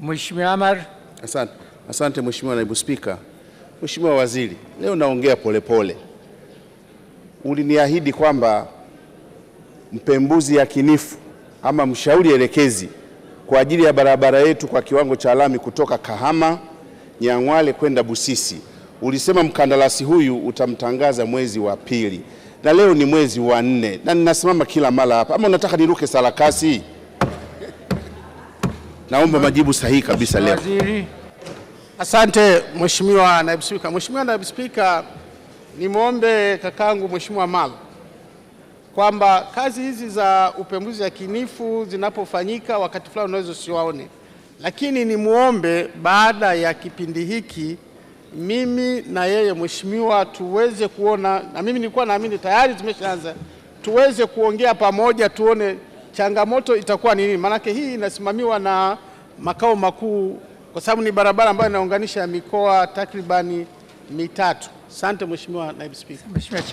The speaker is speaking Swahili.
Mheshimiwa Amar. Asante, asante Mheshimiwa Naibu Spika. Mheshimiwa Waziri, leo naongea polepole. Uliniahidi kwamba mpembuzi yakinifu ama mshauri elekezi kwa ajili ya barabara yetu kwa kiwango cha lami kutoka Kahama Nyang'wale kwenda Busisi, ulisema mkandarasi huyu utamtangaza mwezi wa pili, na leo ni mwezi wa nne, na ninasimama kila mara hapa, ama unataka niruke sarakasi? Naomba majibu sahihi kabisa leo. Asante Mheshimiwa Naibu Spika. Mheshimiwa Naibu Spika, nimwombe kakangu Mheshimiwa mal kwamba kazi hizi za upembuzi yakinifu zinapofanyika wakati fulani unaweza usiwaone, lakini nimwombe baada ya kipindi hiki mimi na yeye mheshimiwa tuweze kuona, na mimi nilikuwa naamini tayari zimeshaanza, tuweze kuongea pamoja tuone changamoto itakuwa ni nini? Maanake hii inasimamiwa na makao makuu, kwa sababu ni barabara ambayo inaunganisha mikoa takribani mitatu. Asante Mheshimiwa Naibu Spika.